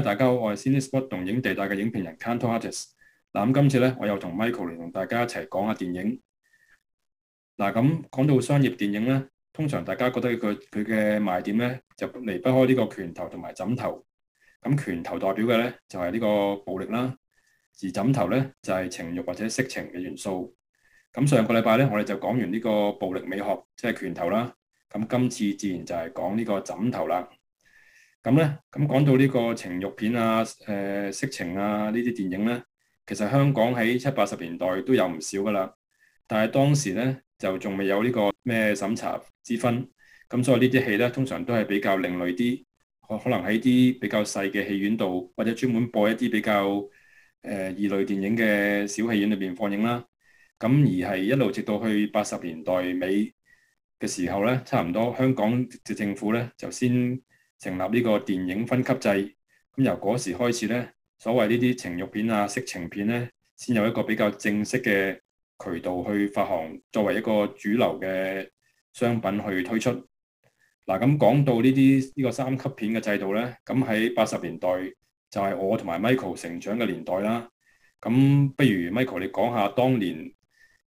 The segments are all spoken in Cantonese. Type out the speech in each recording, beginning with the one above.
大家好，我係 Cinespot 動映地帶嘅影評人 Kantorates。嗱、啊，咁今次咧，我又同 Michael 嚟同大家一齊講下電影。嗱、啊，咁講到商業電影咧，通常大家覺得佢佢嘅賣點咧，就離不開呢個拳頭同埋枕頭。咁拳頭代表嘅咧，就係、是、呢個暴力啦；而枕頭咧，就係、是、情慾或者色情嘅元素。咁上個禮拜咧，我哋就講完呢個暴力美學，即、就、係、是、拳頭啦。咁今次自然就係講呢個枕頭啦。咁咧，咁、嗯、講到呢個情慾片啊、誒、呃、色情啊呢啲電影咧，其實香港喺七八十年代都有唔少噶啦，但係當時咧就仲未有呢個咩審查之分，咁、嗯、所以呢啲戲咧，通常都係比較另類啲，可可能喺啲比較細嘅戲院度，或者專門播一啲比較誒異、呃、類電影嘅小戲院裏邊放映啦。咁、嗯、而係一路直到去八十年代尾嘅時候咧，差唔多香港政府咧就先。成立呢個電影分級制，咁由嗰時開始呢，所謂呢啲情慾片啊、色情片咧，先有一個比較正式嘅渠道去發行，作為一個主流嘅商品去推出。嗱，咁講到呢啲呢個三級片嘅制度呢，咁喺八十年代就係我同埋 Michael 成長嘅年代啦。咁不如 Michael，你講下當年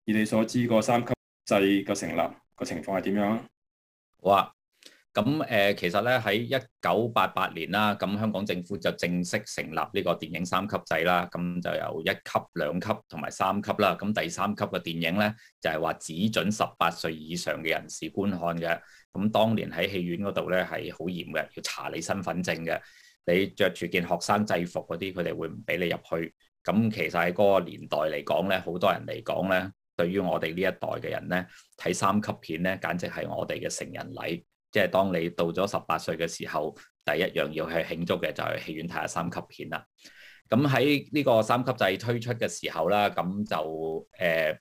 以你所知個三級制嘅成立個情況係點樣？好啊。咁誒，其實咧喺一九八八年啦，咁香港政府就正式成立呢個電影三級制啦。咁就有一級、兩級同埋三級啦。咁第三級嘅電影咧，就係話只準十八歲以上嘅人士觀看嘅。咁當年喺戲院嗰度咧係好嚴嘅，要查你身份證嘅。你着住件學生制服嗰啲，佢哋會唔俾你入去。咁其實喺嗰個年代嚟講咧，好多人嚟講咧，對於我哋呢一代嘅人咧，睇三級片咧，簡直係我哋嘅成人禮。即係當你到咗十八歲嘅時候，第一樣要去慶祝嘅就係戲院睇下三級片啦。咁喺呢個三級制推出嘅時候啦，咁就誒、呃、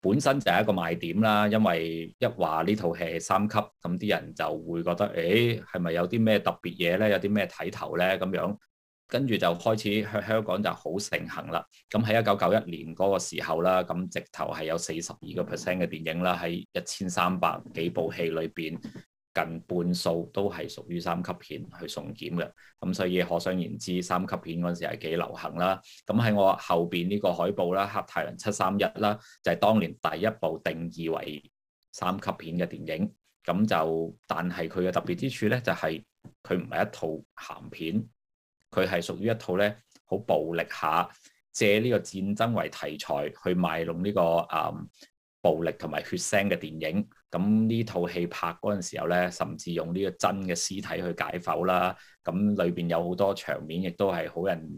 本身就係一個賣點啦。因為一話呢套戲係三級，咁啲人就會覺得誒係咪有啲咩特別嘢咧？有啲咩睇頭咧？咁樣跟住就開始喺香港就好盛行啦。咁喺一九九一年嗰個時候啦，咁直頭係有四十二個 percent 嘅電影啦，喺一千三百幾部戲裏邊。近半數都係屬於三級片去送檢嘅，咁所以可想而知，三級片嗰陣時係幾流行啦。咁喺我後邊呢個海報啦，《黑太陽七三一》啦，就係、是、當年第一部定義為三級片嘅電影。咁就但係佢嘅特別之處咧，就係佢唔係一套鹹片，佢係屬於一套咧好暴力下，借呢個戰爭為題材去賣弄呢、這個誒、嗯、暴力同埋血腥嘅電影。咁呢套戲拍嗰陣時候咧，甚至用呢個真嘅屍體去解剖啦。咁裏邊有好多場面，亦都係好人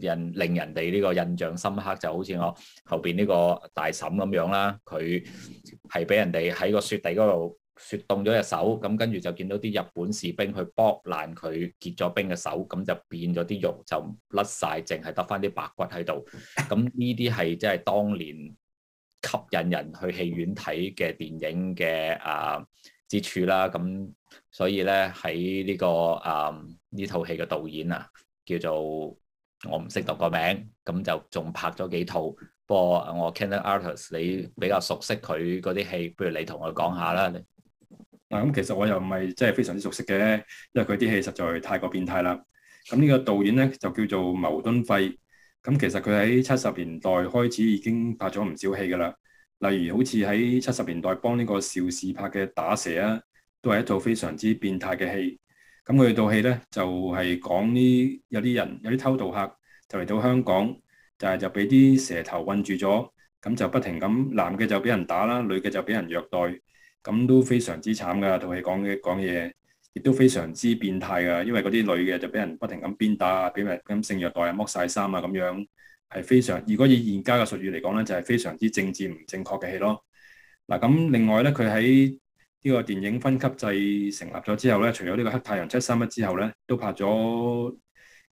人令人哋呢個印象深刻，就好似我後邊呢個大嬸咁樣啦。佢係俾人哋喺個雪地嗰度雪凍咗隻手，咁跟住就見到啲日本士兵去剝爛佢結咗冰嘅手，咁就變咗啲肉就甩晒，淨係得返啲白骨喺度。咁呢啲係即係當年吸引人去戲院睇嘅電影嘅啊、呃、之處啦，咁所以咧喺呢、呢個啊呢套戲嘅導演啊叫做我唔識讀個名，咁就仲拍咗幾套。不過我 Kantorates 你比較熟悉佢嗰啲戲，不如你同我講下啦。啊，咁其實我又唔係真係非常之熟悉嘅，因為佢啲戲實在太過變態啦。咁呢個導演咧就叫做牟敦芾。咁其實佢喺七十年代開始已經拍咗唔少戲㗎啦，例如好似喺七十年代幫呢個邵氏拍嘅《打蛇》啊，都係一套非常之變態嘅戲。咁佢套戲咧就係講呢有啲人有啲偷渡客就嚟到香港，就係就俾啲蛇頭困住咗，咁就不停咁男嘅就俾人打啦，女嘅就俾人虐待，咁都非常之慘㗎。套戲講嘅講嘢。講亦都非常之變態㗎，因為嗰啲女嘅就俾人不停咁鞭打，俾人咁性虐待啊，剝晒衫啊咁樣，係非常。如果以現家嘅術語嚟講咧，就係、是、非常之政治唔正確嘅戲咯。嗱咁另外咧，佢喺呢個電影分級制成立咗之後咧，除咗呢、這個《黑太陽731》咧之後咧，都拍咗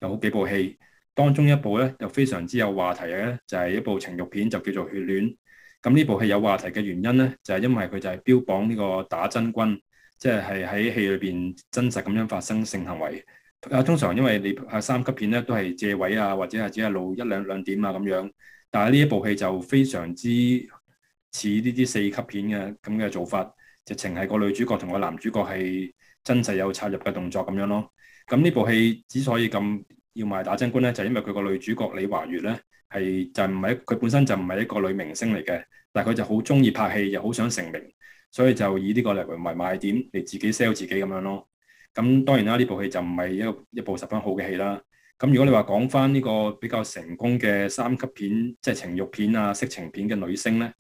有好幾部戲，當中一部咧又非常之有話題嘅咧，就係、是、一部情慾片，就叫做《血戀》。咁呢部戲有話題嘅原因咧，就係、是、因為佢就係標榜呢個打真軍。即係喺戲裏邊真實咁樣發生性行為，啊通常因為你拍三級片咧都係借位啊或者係只係露一兩兩點啊咁樣，但係呢一部戲就非常之似呢啲四級片嘅咁嘅做法，直情係個女主角同個男主角係真實有插入嘅動作咁樣咯。咁呢部戲之所以咁要賣打真軍咧，就係、因為佢個女主角李華月咧係就唔係佢本身就唔係一個女明星嚟嘅，但係佢就好中意拍戲又好想成名。所以就以呢個嚟為賣點嚟自己 sell 自己咁樣咯。咁當然啦，呢部戲就唔係一一部十分好嘅戲啦。咁如果你話講翻呢個比較成功嘅三級片，即係情慾片啊、色情片嘅女星咧，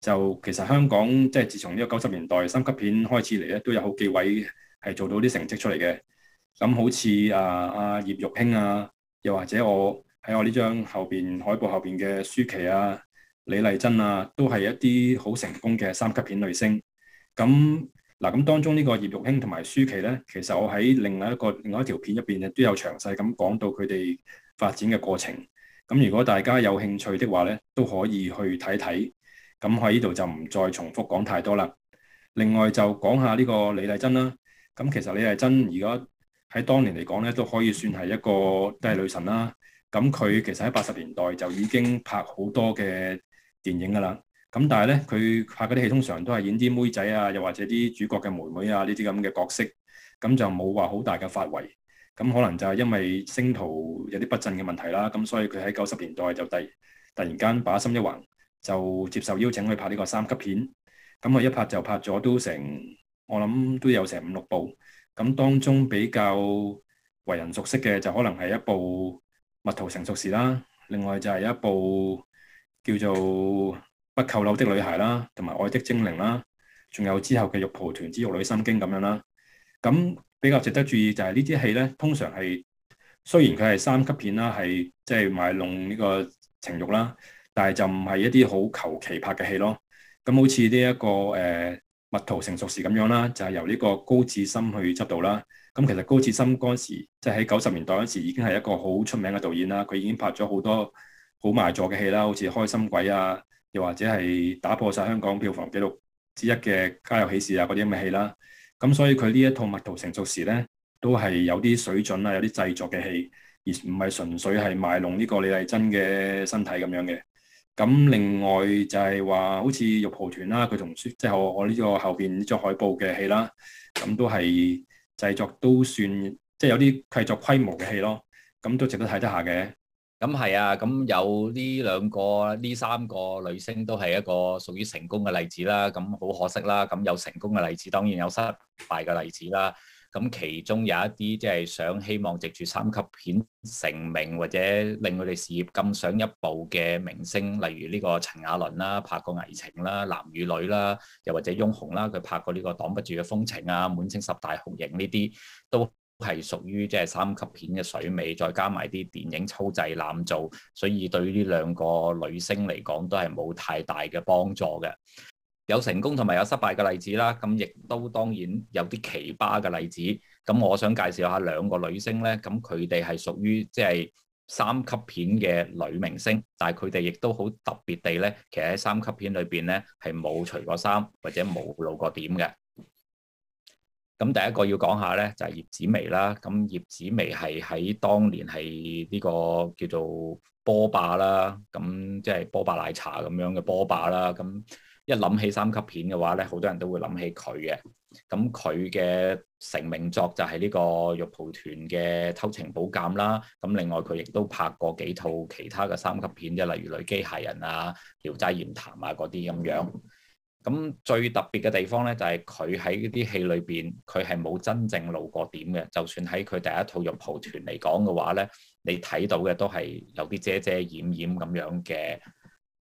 就其實香港即係自從呢個九十年代三級片開始嚟咧，都有好幾位係做到啲成績出嚟嘅。咁好似啊，阿葉玉卿啊，又或者我喺我呢張後邊海報後邊嘅舒淇啊、李麗珍啊，都係一啲好成功嘅三級片女星。咁嗱，咁當中呢個葉玉卿同埋舒淇呢，其實我喺另外一個另外一條片入邊咧，都有詳細咁講到佢哋發展嘅過程。咁如果大家有興趣的話呢，都可以去睇睇。咁喺呢度就唔再重複講太多啦。另外就講下呢個李麗珍啦。咁其實李麗珍而家喺當年嚟講呢，都可以算係一個都係女神啦。咁佢其實喺八十年代就已經拍好多嘅電影㗎啦。咁但係咧，佢拍嗰啲戲通常都係演啲妹仔啊，又或者啲主角嘅妹妹啊呢啲咁嘅角色，咁就冇話好大嘅發圍。咁可能就係因為星途有啲不振嘅問題啦，咁所以佢喺九十年代就突突然間把心一橫，就接受邀請去拍呢個三級片。咁佢一拍就拍咗都成，我諗都有成五六部。咁當中比較為人熟悉嘅就可能係一部《蜜桃成熟時》啦，另外就係一部叫做扣鈕的女孩》啦，同埋《愛的精靈》啦，仲有之後嘅《玉蒲團之玉女心經》咁樣啦。咁比較值得注意就係呢啲戲咧，通常係雖然佢係三級片啦，係即係賣弄呢個情欲啦，但係就唔係一啲好求其拍嘅戲咯。咁好似呢一個誒《蜜桃成熟時》咁樣啦，就係、是、由呢個高志森去執導啦。咁其實高志森嗰時即係喺九十年代嗰時，已經係一個好出名嘅導演啦。佢已經拍咗好多好賣座嘅戲啦，好似《開心鬼》啊。又或者係打破晒香港票房紀錄之一嘅《家有喜事》啊，嗰啲咁嘅戲啦，咁所以佢呢一套《蜜桃成熟時》咧，都係有啲水準啊，有啲製作嘅戲，而唔係純粹係賣弄呢個李麗珍嘅身體咁樣嘅。咁另外就係話，好似《玉蒲團》啦，佢同即係我我呢個後邊呢張海報嘅戲啦，咁都係製作都算即係、就是、有啲製作規模嘅戲咯，咁都值得睇得下嘅。咁係啊，咁有呢兩個、呢三個女星都係一個屬於成功嘅例子啦。咁好可惜啦。咁有成功嘅例子，當然有失敗嘅例子啦。咁其中有一啲即係想希望藉住三級片成名或者令佢哋事業更上一步嘅明星，例如呢個陳雅倫啦，拍過《危情》啦、《男與女》啦，又或者翁虹啦，佢拍過呢個《擋不住嘅風情》啊、《滿清十大酷刑》呢啲都。都係屬於即係三級片嘅水尾，再加埋啲電影粗製濫造，所以對於呢兩個女星嚟講都係冇太大嘅幫助嘅。有成功同埋有失敗嘅例子啦，咁亦都當然有啲奇葩嘅例子。咁我想介紹下兩個女星呢，咁佢哋係屬於即係三級片嘅女明星，但係佢哋亦都好特別地呢，其實喺三級片裏邊呢，係冇除過衫或者冇露過點嘅。咁第一個要講下咧，就係葉子媚啦。咁葉子媚係喺當年係呢個叫做波霸啦，咁即係波霸奶茶咁樣嘅波霸啦。咁一諗起三級片嘅話咧，好多人都會諗起佢嘅。咁佢嘅成名作就係呢個玉蒲團嘅偷情寶鑑啦。咁另外佢亦都拍過幾套其他嘅三級片，即係例如女機械人啊、聊齋艷譚啊嗰啲咁樣。咁最特別嘅地方咧，就係佢喺嗰啲戲裏邊，佢係冇真正露過點嘅。就算喺佢第一套肉蒲團嚟講嘅話咧，你睇到嘅都係有啲遮遮掩掩咁樣嘅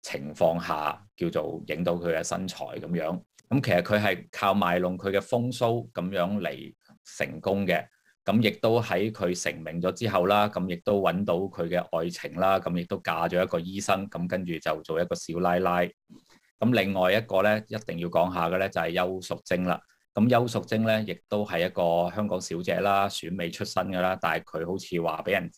情況下，叫做影到佢嘅身材咁樣。咁其實佢係靠賣弄佢嘅風騷咁樣嚟成功嘅。咁亦都喺佢成名咗之後啦，咁亦都揾到佢嘅愛情啦，咁亦都嫁咗一個醫生，咁跟住就做一個小奶奶。咁另外一個咧，一定要講下嘅咧就係邱淑貞啦。咁邱淑貞咧，亦都係一個香港小姐啦、選美出身㗎啦。但係佢好似話俾人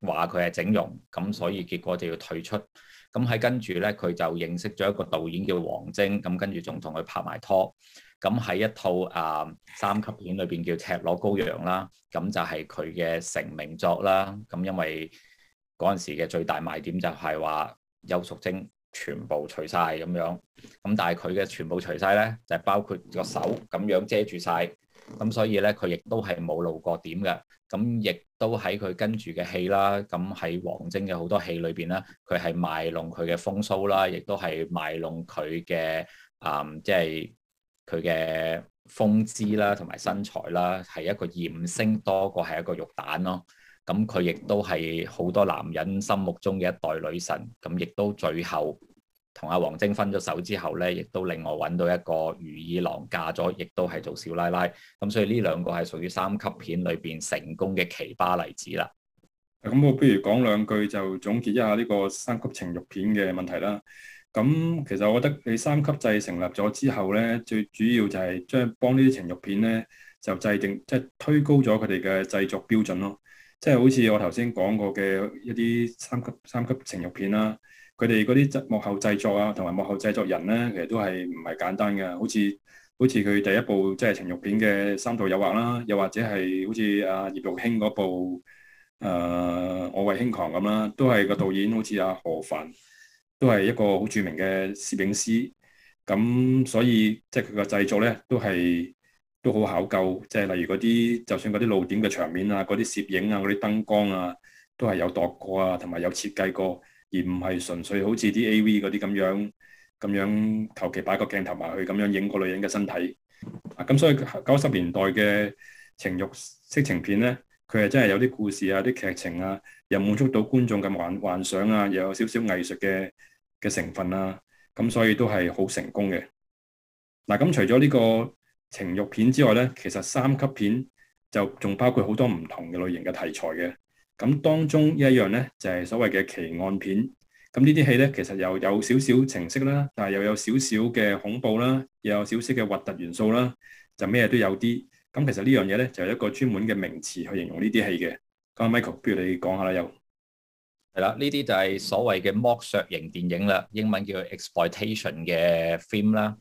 話佢係整容，咁所以結果就要退出。咁喺跟住咧，佢就認識咗一個導演叫王晶，咁跟住仲同佢拍埋拖。咁喺一套誒、uh, 三級片裏邊叫《赤裸羔羊》啦，咁就係佢嘅成名作啦。咁因為嗰陣時嘅最大賣點就係話邱淑貞。全部除曬咁樣，咁但係佢嘅全部除晒咧，就係包括個手咁樣遮住晒。咁所以咧佢亦都係冇露過點嘅，咁亦都喺佢跟住嘅戲啦，咁喺王晶嘅好多戲裏邊咧，佢係賣弄佢嘅風騷啦，亦都係賣弄佢嘅，誒即係佢嘅風姿啦，同埋身材啦，係一個豔星多過係一個肉彈咯。咁佢亦都係好多男人心目中嘅一代女神，咁亦都最後同阿王晶分咗手之後咧，亦都另外揾到一個如意郎嫁咗，亦都係做少奶奶。咁所以呢兩個係屬於三級片裏邊成功嘅奇葩例子啦。咁我不如講兩句，就總結一下呢個三級情慾片嘅問題啦。咁其實我覺得，你三級制成立咗之後咧，最主要就係將幫呢啲情慾片咧，就制定即係、就是、推高咗佢哋嘅製作標準咯。即係好似我頭先講過嘅一啲三級三級情慾片啦，佢哋嗰啲幕後製作啊，同埋幕後製作人咧，其實都係唔係簡單嘅。好似好似佢第一部即係、就是、情慾片嘅《三度誘惑》啦，又或者係好似阿葉玉卿嗰部《誒、呃、我為卿狂》咁啦，都係個導演好似阿何藩，都係一個好著名嘅攝影師。咁所以即係佢個製作咧，都係。都好考究，即係例如嗰啲，就算嗰啲露點嘅場面啊，嗰啲攝影啊，嗰啲燈光啊，都係有度過啊，同埋有，有設計過，而唔係純粹好似啲 A.V. 嗰啲咁樣咁樣，求其擺個鏡頭埋去咁樣影個女人嘅身體。啊，咁所以九十年代嘅情慾色情片咧，佢係真係有啲故事啊，啲劇情啊，又滿足到觀眾嘅幻幻想啊，又有少少藝術嘅嘅成分啊。咁所以都係好成功嘅。嗱，咁除咗呢個。情慾片之外咧，其實三級片就仲包括好多唔同嘅類型嘅題材嘅。咁當中一樣咧，就係所謂嘅奇案片。咁呢啲戲咧，其實又有少少情色啦，但係又有少少嘅恐怖啦，又有少少嘅核突元素啦，就咩都有啲。咁其實呢樣嘢咧，就係一個專門嘅名詞去形容呢啲戲嘅。咁啊，Michael，不如你講下啦，又係啦，呢啲就係所謂嘅剝削型電影啦，英文叫 exploitation 嘅 film 啦。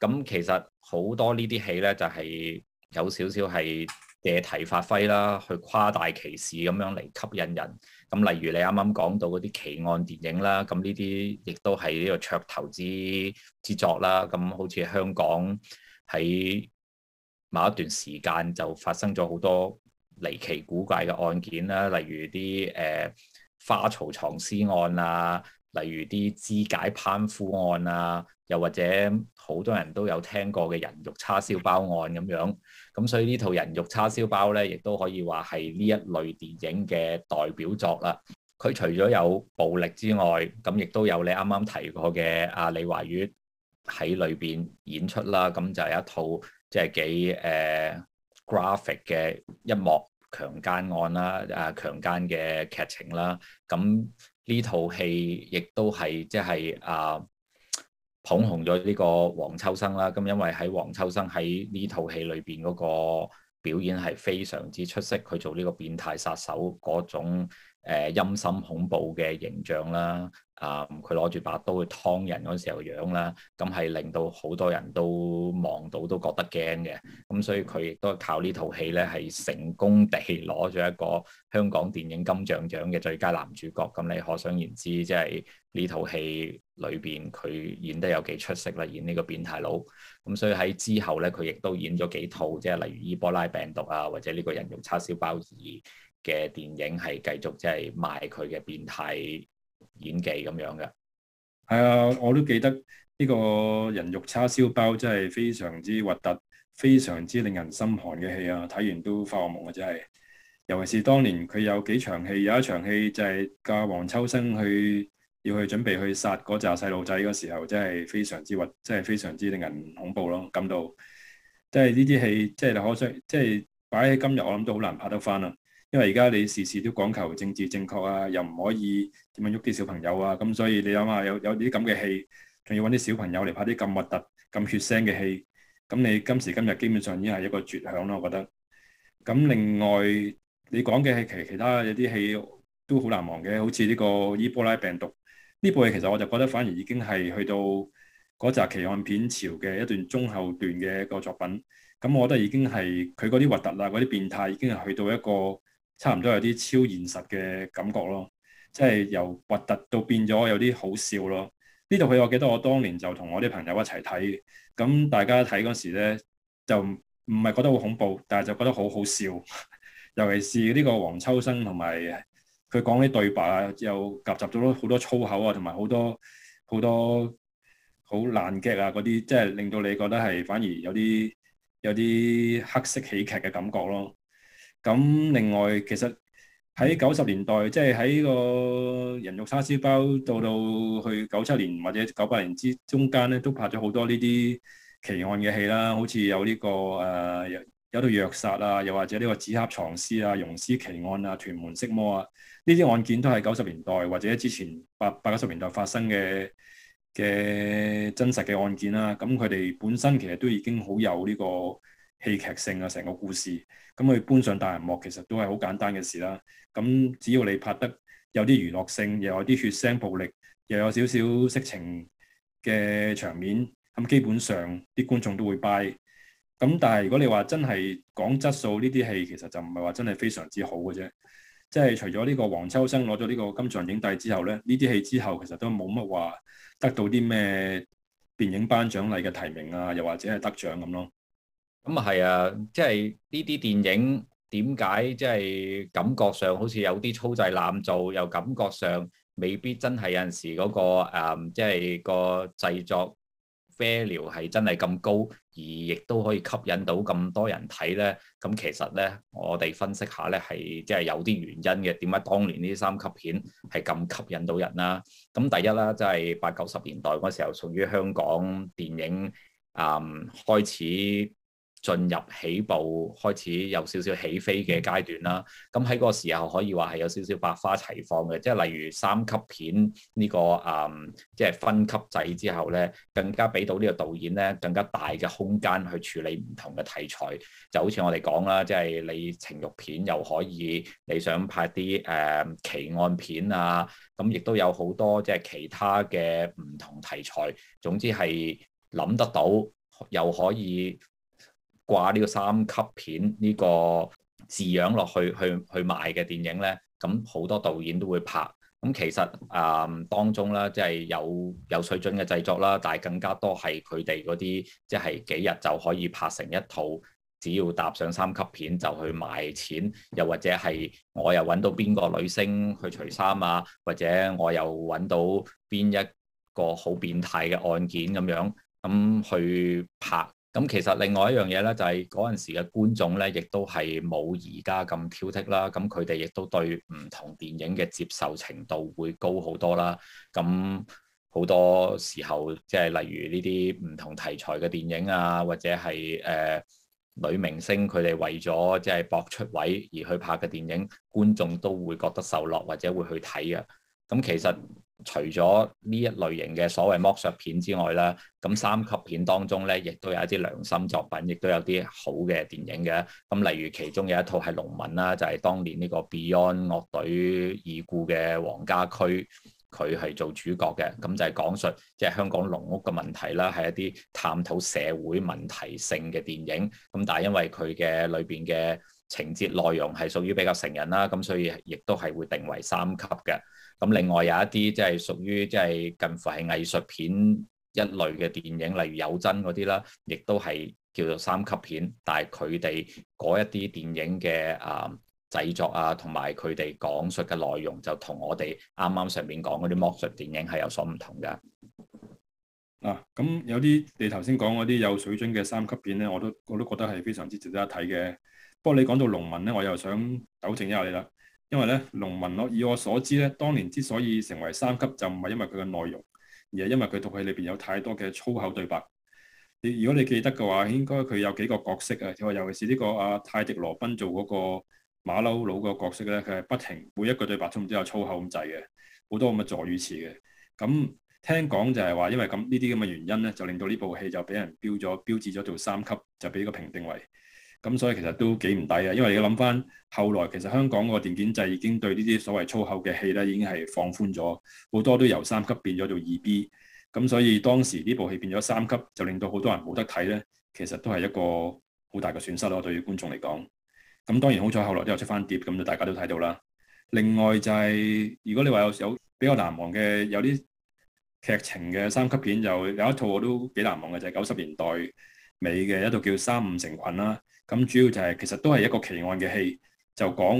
咁其實。好多呢啲戲呢，就係、是、有少少係借題發揮啦，去誇大其事咁樣嚟吸引人。咁例如你啱啱講到嗰啲奇案電影啦，咁呢啲亦都係呢個噱頭之之作啦。咁好似香港喺某一段時間就發生咗好多離奇古怪嘅案件啦，例如啲誒、呃、花槽藏屍案啊。例如啲肢解攀夫案啊，又或者好多人都有聽過嘅人肉叉燒包案咁樣，咁所以呢套人肉叉燒包咧，亦都可以話係呢一類電影嘅代表作啦。佢除咗有暴力之外，咁亦都有你啱啱提過嘅阿、啊、李華月喺裏邊演出啦，咁就係一套即係幾誒 graphic 嘅一幕強姦案啦、啊，啊強姦嘅劇情啦、啊，咁。呢套戲亦都係即係啊捧紅咗呢個黃秋生啦，咁因為喺黃秋生喺呢套戲裏邊嗰個表演係非常之出色，佢做呢個變態殺手嗰種。誒陰森恐怖嘅形象啦，啊，佢攞住把刀去劏人嗰時候樣啦，咁係令到好多人都望到都覺得驚嘅。咁所以佢亦都靠呢套戲咧，係成功地攞咗一個香港電影金像獎嘅最佳男主角。咁你可想而知，即係呢套戲裏邊佢演得有幾出色啦，演呢個變態佬。咁所以喺之後咧，佢亦都演咗幾套，即係例如伊波拉病毒啊，或者呢個人肉叉燒包二。嘅電影係繼續即係賣佢嘅變態演技咁樣嘅，係啊，我都記得呢、這個人肉叉燒包真係非常之核突，非常之令人心寒嘅戲啊！睇完都發噩夢啊！真係，尤其是當年佢有幾場戲，有一場戲就係個黃秋生去要去準備去殺嗰紮細路仔嗰時候，真係非常之核，真係非常之令人恐怖咯！感到即係呢啲戲，即係可惜，即係擺喺今日，我諗都好難拍得返啊。因為而家你事事都講求政治正確啊，又唔可以點樣喐啲小朋友啊，咁所以你諗下，有有啲咁嘅戲，仲要揾啲小朋友嚟拍啲咁核突、咁血腥嘅戲，咁你今時今日基本上已經係一個絕響咯，我覺得。咁另外你講嘅係其其他有啲戲都好難忘嘅，好似呢個伊波拉病毒呢部戲，其實我就覺得反而已經係去到嗰集奇案片潮嘅一段中後段嘅一個作品。咁我覺得已經係佢嗰啲核突啦，嗰啲變態已經係去到一個。差唔多有啲超現實嘅感覺咯，即係由核突到變咗有啲好笑咯。呢套戲我記得我當年就同我啲朋友一齊睇，咁大家睇嗰時咧就唔係覺得好恐怖，但係就覺得好好笑。尤其是呢個黃秋生同埋佢講啲對白啊，又夾雜咗好多粗口啊，同埋好多好多好爛劇啊嗰啲，即係令到你覺得係反而有啲有啲黑色喜劇嘅感覺咯。咁另外，其實喺九十年代，即係喺個人肉叉燒包到到去九七年或者九八年之中間咧，都拍咗好多呢啲奇案嘅戲啦。好似有呢、呢個誒、呃、有套《虐殺》啊，又或者呢個紙盒藏屍啊、溶屍奇案啊、屯門色魔啊，呢啲案件都係九十年代或者之前八八九十年代發生嘅嘅真實嘅案件啦。咁佢哋本身其實都已經好有呢、呢個。戲劇性啊，成個故事，咁佢搬上大銀幕其實都係好簡單嘅事啦。咁只要你拍得有啲娛樂性，又有啲血腥暴力，又有少少色情嘅場面，咁基本上啲觀眾都會 buy。咁但係如果你話真係講質素戲，呢啲戲其實就唔係話真係非常之好嘅啫。即係除咗呢個黃秋生攞咗呢個金像影帝之後呢，呢啲戲之後其實都冇乜話得到啲咩電影頒獎禮嘅提名啊，又或者係得獎咁咯。咁啊係啊，即係呢啲電影點解即係感覺上好似有啲粗製濫造，又感覺上未必真係有陣時嗰、嗰個即係、嗯即係、個製作 level 係真係咁高，而亦都可以吸引到咁多人睇咧。咁其實咧，我哋分析下咧，係即係有啲原因嘅。點解當年呢啲三級片係咁吸引到人啦？咁第一啦，即係八九十年代嗰時候屬於香港電影誒、嗯、開始。進入起步開始有少少起飛嘅階段啦，咁喺個時候可以話係有少少百花齊放嘅，即係例如三級片呢、呢個誒，即、嗯、係、就是、分級制之後咧，更加俾到呢個導演咧更加大嘅空間去處理唔同嘅題材，就好似我哋講啦，即、就、係、是、你情慾片又可以，你想拍啲誒、嗯、奇案片啊，咁亦都有好多即係、就是、其他嘅唔同題材，總之係諗得到又可以。掛呢個三級片呢個字樣落去去去賣嘅電影呢，咁好多導演都會拍。咁其實啊、呃，當中啦，即係有有水準嘅製作啦，但係更加多係佢哋嗰啲即係幾日就可以拍成一套，只要搭上三級片就去賣錢。又或者係我又揾到邊個女星去除衫啊，或者我又揾到邊一個好變態嘅案件咁樣咁去拍。咁其實另外一樣嘢咧，就係嗰陣時嘅觀眾咧，亦都係冇而家咁挑剔啦。咁佢哋亦都對唔同電影嘅接受程度會高好多啦。咁好多時候，即係例如呢啲唔同題材嘅電影啊，或者係誒女明星佢哋為咗即係搏出位而去拍嘅電影，觀眾都會覺得受落或者會去睇嘅。咁其實。除咗呢一類型嘅所謂剝削片之外啦，咁三級片當中咧，亦都有一啲良心作品，亦都有啲好嘅電影嘅。咁例如其中有一套係《籠民》啦，就係、是、當年呢、這個 Beyond 樂隊已故嘅黃家駒佢係做主角嘅，咁就係講述即係、就是、香港籠屋嘅問題啦，係一啲探討社會問題性嘅電影。咁但係因為佢嘅裏邊嘅情節內容係屬於比較成人啦，咁所以亦都係會定為三級嘅。咁另外有一啲即係屬於即係近乎係藝術片一類嘅電影，例如《有真》嗰啲啦，亦都係叫做三級片，但係佢哋嗰一啲電影嘅啊製作啊，同埋佢哋講述嘅內容就同我哋啱啱上面講嗰啲剝削電影係有所唔同嘅。嗱、啊，咁有啲你頭先講嗰啲有水準嘅三級片咧，我都我都覺得係非常之值得一睇嘅。不過你講到農民咧，我又想糾正一下你啦。因為咧，籠民囉，以我所知咧，當年之所以成為三級，就唔係因為佢嘅內容，而係因為佢套戲裏邊有太多嘅粗口對白。你如果你記得嘅話，應該佢有幾個角色啊，我尤其是呢個阿泰迪羅賓做嗰個馬騮佬個角色咧，佢係不停每一個對白中都，都有粗口咁滯嘅，好多咁嘅助語詞嘅。咁聽講就係話，因為咁呢啲咁嘅原因咧，就令到呢部戲就俾人標咗標誌咗做三級，就俾個評定為。咁所以其實都幾唔抵啊，因為你要諗翻後來其實香港個電檢制已經對呢啲所謂粗口嘅戲咧已經係放寬咗，好多都由三級變咗做二 B。咁所以當時呢部戲變咗三級，就令到好多人冇得睇咧，其實都係一個好大嘅損失咯，對於觀眾嚟講。咁當然好彩後來都有出翻碟，咁就大家都睇到啦。另外就係，如果你話有時候有比較難忘嘅有啲劇情嘅三級片，就有一套我都幾難忘嘅，就係九十年代尾嘅一套叫《三五成群》啦。咁主要就係、是、其實都係一個奇案嘅戲，就講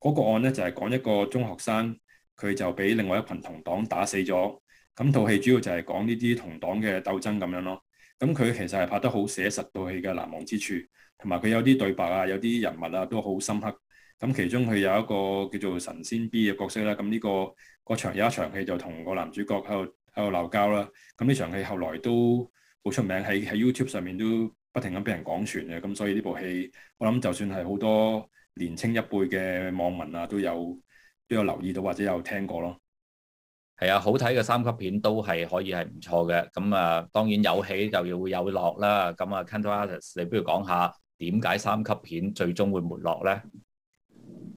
嗰、那個案咧就係、是、講一個中學生，佢就俾另外一群同黨打死咗。咁套戲主要就係講呢啲同黨嘅鬥爭咁樣咯。咁佢其實係拍得好寫實，套戲嘅難忘之處，同埋佢有啲對白啊，有啲人物啊都好深刻。咁其中佢有一個叫做神仙 B 嘅角色啦。咁呢、這個個場有一場戲就同個男主角喺度喺度鬧交啦。咁呢場戲後來都好出名，喺喺 YouTube 上面都。不停咁俾人講傳嘅，咁所以呢部戲，我諗就算係好多年青一輩嘅網民啊，都有都有留意到或者有聽過咯。係啊，好睇嘅三級片都係可以係唔錯嘅。咁啊，當然有起就要會有落啦。咁啊，Kantorates，你不如講下點解三級片最終會沒落咧？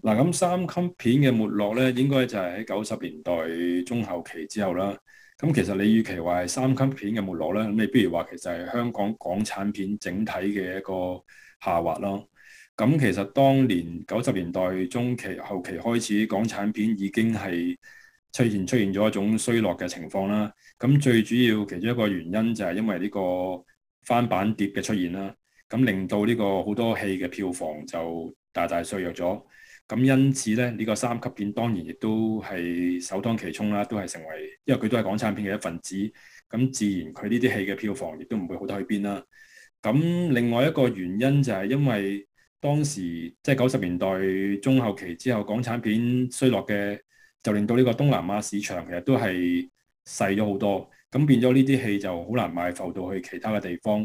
嗱、啊，咁三級片嘅沒落咧，應該就係喺九十年代中後期之後啦。咁其實你與其話係三級片嘅沒落啦。咁你不如話其實係香港港產片整體嘅一個下滑咯。咁其實當年九十年代中期後期開始，港產片已經係出現出現咗一種衰落嘅情況啦。咁最主要其中一個原因就係因為呢個翻版碟嘅出現啦，咁令到呢個好多戲嘅票房就大大削弱咗。咁因此咧，呢個三級片當然亦都係首當其衝啦，都係成為，因為佢都係港產片嘅一份子，咁自然佢呢啲戲嘅票房亦都唔會好得去邊啦。咁另外一個原因就係因為當時即係九十年代中後期之後，港產片衰落嘅，就令到呢個東南亞市場其實都係細咗好多，咁變咗呢啲戲就好難賣浮到去其他嘅地方。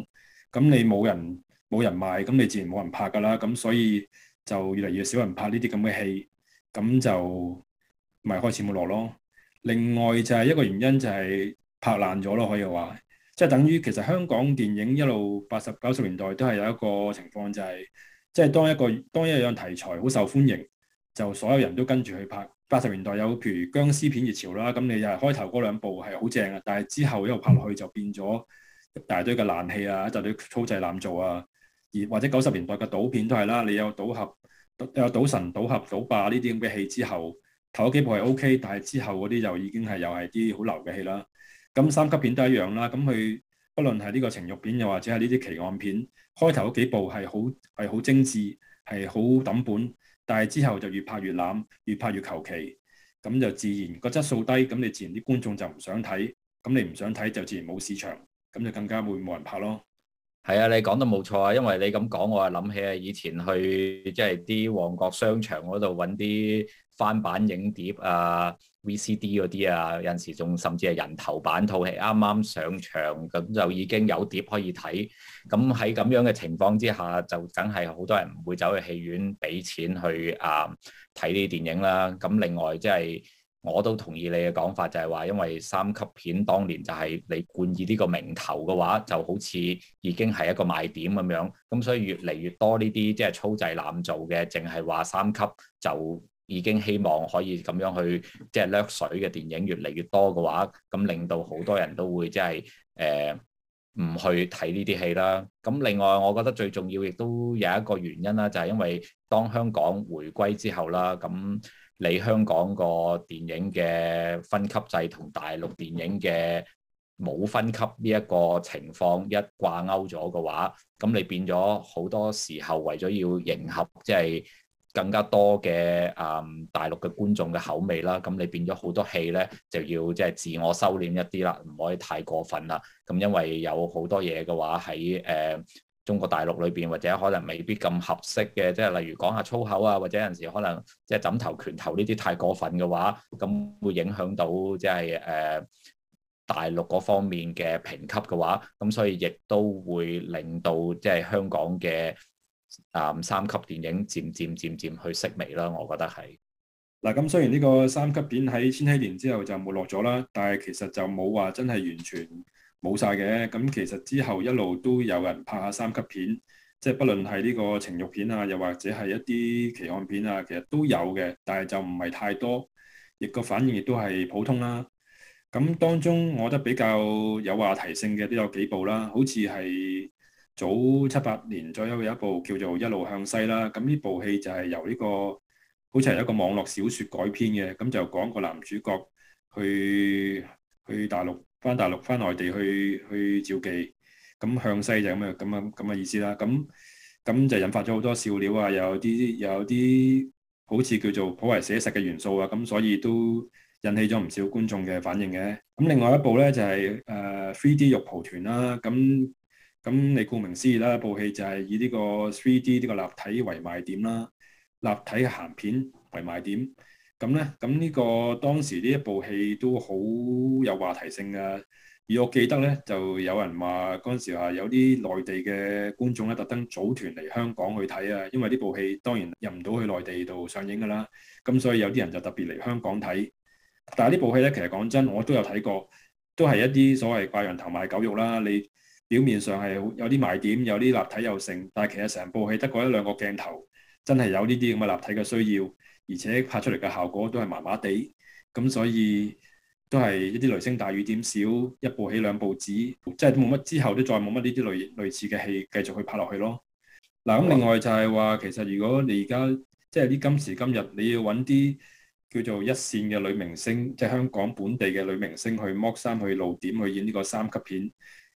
咁你冇人冇人賣，咁你自然冇人拍㗎喇。咁所以。就越嚟越少人拍呢啲咁嘅戲，咁就咪開始冇落咯。另外就係一個原因就係拍爛咗咯，可以話，即係等於其實香港電影一路八十九十年代都係有一個情況，就係即係當一個當一樣題材好受歡迎，就所有人都跟住去拍。八十年代有譬如殭屍片熱潮啦，咁你又係開頭嗰兩部係好正啊，但係之後一路拍落去就變咗一大堆嘅爛戲啊，一大堆粗製濫造啊。而或者九十年代嘅賭片都係啦，你有賭俠、有賭神、賭俠、賭霸呢啲咁嘅戲之後，頭嗰幾部係 OK，但係之後嗰啲又已經係又係啲好流嘅戲啦。咁三級片都一樣啦，咁佢不論係呢個情慾片，又或者係呢啲奇案片，開頭嗰幾部係好係好精緻，係好抌本，但係之後就越拍越濫，越拍越求其。咁就自然個質素低，咁你自然啲觀眾就唔想睇，咁你唔想睇就自然冇市場，咁就更加會冇人拍咯。係啊，你講得冇錯啊，因為你咁講，我啊諗起啊以前去即係啲旺角商場嗰度揾啲翻版影碟啊 VCD 嗰啲啊，有陣時仲甚至係人頭版，套戲啱啱上場，咁就已經有碟可以睇。咁喺咁樣嘅情況之下，就梗係好多人唔會走去戲院俾錢去啊睇啲電影啦。咁另外即係。我都同意你嘅講法，就係話因為三級片當年就係你冠以呢個名頭嘅話，就好似已經係一個賣點咁樣。咁所以越嚟越多呢啲即係粗製濫造嘅，淨係話三級就已經希望可以咁樣去即係掠水嘅電影越嚟越多嘅話，咁令到好多人都會即係誒唔去睇呢啲戲啦。咁另外，我覺得最重要亦都有一個原因啦，就係因為當香港回歸之後啦，咁。你香港個電影嘅分級制同大陸電影嘅冇分級呢一個情況一掛鈎咗嘅話，咁你變咗好多時候為咗要迎合即係更加多嘅誒大陸嘅觀眾嘅口味啦，咁你變咗好多戲咧就要即係自我收斂一啲啦，唔可以太過分啦，咁因為有好多嘢嘅話喺誒。呃中國大陸裏邊或者可能未必咁合適嘅，即係例如講下粗口啊，或者有陣時可能即係枕頭拳頭呢啲太過分嘅話，咁會影響到即係誒大陸嗰方面嘅評級嘅話，咁所以亦都會令到即係香港嘅啊、呃、三級電影漸漸漸漸去式微啦，我覺得係。嗱，咁雖然呢個三級片喺千禧年之後就沒落咗啦，但係其實就冇話真係完全。冇晒嘅，咁其實之後一路都有人拍下三級片，即係不論係呢個情慾片啊，又或者係一啲奇案片啊，其實都有嘅，但係就唔係太多，亦個反應亦都係普通啦、啊。咁當中，我覺得比較有話題性嘅都有幾部啦，好似係早七八年左右有一部叫做《一路向西》啦。咁呢部戲就係由呢、這個好似係一個網絡小說改編嘅，咁就講個男主角去去大陸。翻大陸，翻內地去去召妓，咁向西就咁樣，咁樣咁嘅意思啦。咁咁就引發咗好多笑料啊，又有啲有啲好似叫做頗為寫實嘅元素啊，咁所以都引起咗唔少觀眾嘅反應嘅。咁另外一部咧就係誒 three D 肉蒲團啦，咁咁你顧名思義啦，部戲就係以呢個 three D 呢個立體為賣點啦，立體嘅鹹片為賣點。咁咧，咁呢個當時呢一部戲都好有話題性嘅。而我記得咧，就有人話嗰陣時話有啲內地嘅觀眾咧，特登組團嚟香港去睇啊，因為呢部戲當然入唔到去內地度上映㗎啦。咁所以有啲人就特別嚟香港睇。但係呢部戲咧，其實講真，我都有睇過，都係一啲所謂掛羊頭賣狗肉啦。你表面上係有啲賣點，有啲立體又成，但係其實成部戲得嗰一兩個鏡頭真係有呢啲咁嘅立體嘅需要。而且拍出嚟嘅效果都係麻麻地，咁所以都係一啲雷聲大雨點少，一部起兩部止，即係都冇乜之後都再冇乜呢啲類類似嘅戲繼續去拍落去咯。嗱，咁另外就係話，其實如果你而家即係啲今時今日，你要揾啲叫做一線嘅女明星，即係香港本地嘅女明星去剝衫去露點去演呢個三級片，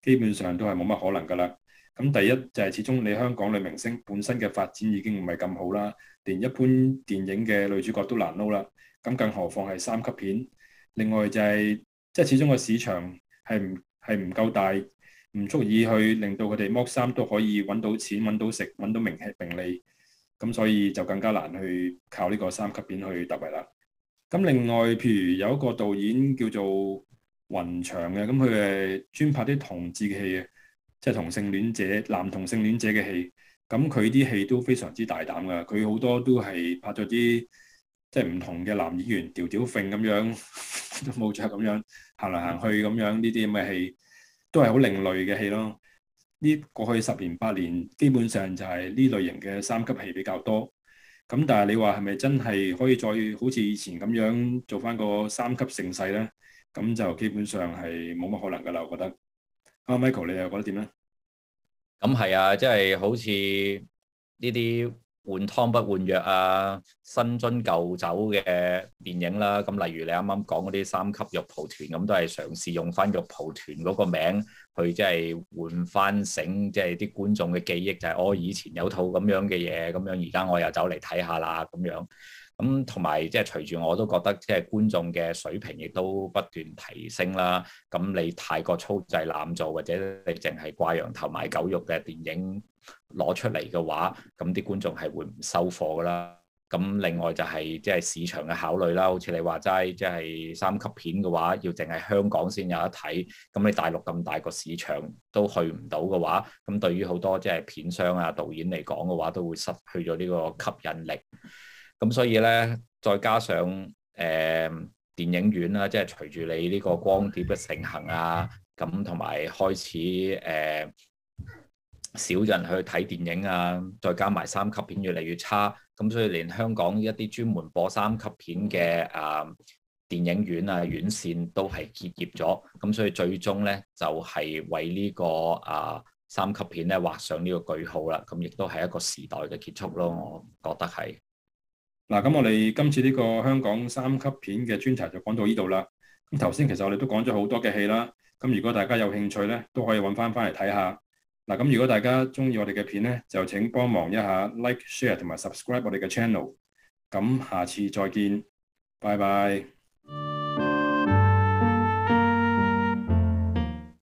基本上都係冇乜可能噶啦。咁第一就係、是、始終你香港女明星本身嘅發展已經唔係咁好啦，連一般電影嘅女主角都難撈啦，咁更何況係三級片。另外就係即係始終個市場係唔係唔夠大，唔足以去令到佢哋剝衫都可以揾到錢、揾到食、揾到名氣名利，咁所以就更加難去靠呢個三級片去突圍啦。咁另外譬如有一個導演叫做雲翔嘅，咁佢係專拍啲同志戲嘅。即係同性戀者，男同性戀者嘅戲，咁佢啲戲都非常之大膽噶。佢好多都係拍咗啲即係唔同嘅男演員調調揈咁樣，都冇着咁樣行嚟行去咁樣呢啲咁嘅戲，都係好另類嘅戲咯。呢過去十年八年，基本上就係呢類型嘅三級戲比較多。咁但係你話係咪真係可以再好似以前咁樣做翻個三級盛世咧？咁就基本上係冇乜可能噶啦，我覺得。阿 Michael，你又覺得點咧？咁係啊，即係好似呢啲換湯不換藥啊，新樽舊酒嘅電影啦。咁例如你啱啱講嗰啲三級肉蒲團咁，都係嘗試用翻肉蒲團嗰個名去即係換翻醒，即係啲觀眾嘅記憶就係我以前有套咁樣嘅嘢，咁樣而家我又走嚟睇下啦，咁樣。咁同埋即係隨住我都覺得，即係觀眾嘅水平亦都不斷提升啦。咁你太過粗製濫造，或者你淨係掛羊頭賣狗肉嘅電影攞出嚟嘅話，咁啲觀眾係會唔收貨㗎啦。咁另外就係即係市場嘅考慮啦。好似你話齋，即係三級片嘅話，要淨係香港先有得睇。咁你大陸咁大個市場都去唔到嘅話，咁對於好多即係片商啊、導演嚟講嘅話，都會失去咗呢個吸引力。咁所以咧，再加上誒、呃、電影院啦，即係隨住你呢個光碟嘅盛行啊，咁同埋開始誒少、呃、人去睇電影啊，再加埋三級片越嚟越差，咁所以連香港一啲專門播三級片嘅啊、呃、電影院啊院線都係結業咗。咁所以最終咧就係、是、為呢、這個啊、呃、三級片咧劃上呢個句號啦。咁亦都係一個時代嘅結束咯，我覺得係。嗱，咁我哋今次呢個香港三級片嘅專題就講到呢度啦。咁頭先其實我哋都講咗好多嘅戲啦。咁如果大家有興趣咧，都可以揾翻翻嚟睇下。嗱，咁如果大家中意我哋嘅片咧，就請幫忙一下 Like、Share 同埋 Subscribe 我哋嘅 channel。咁下次再見，拜拜。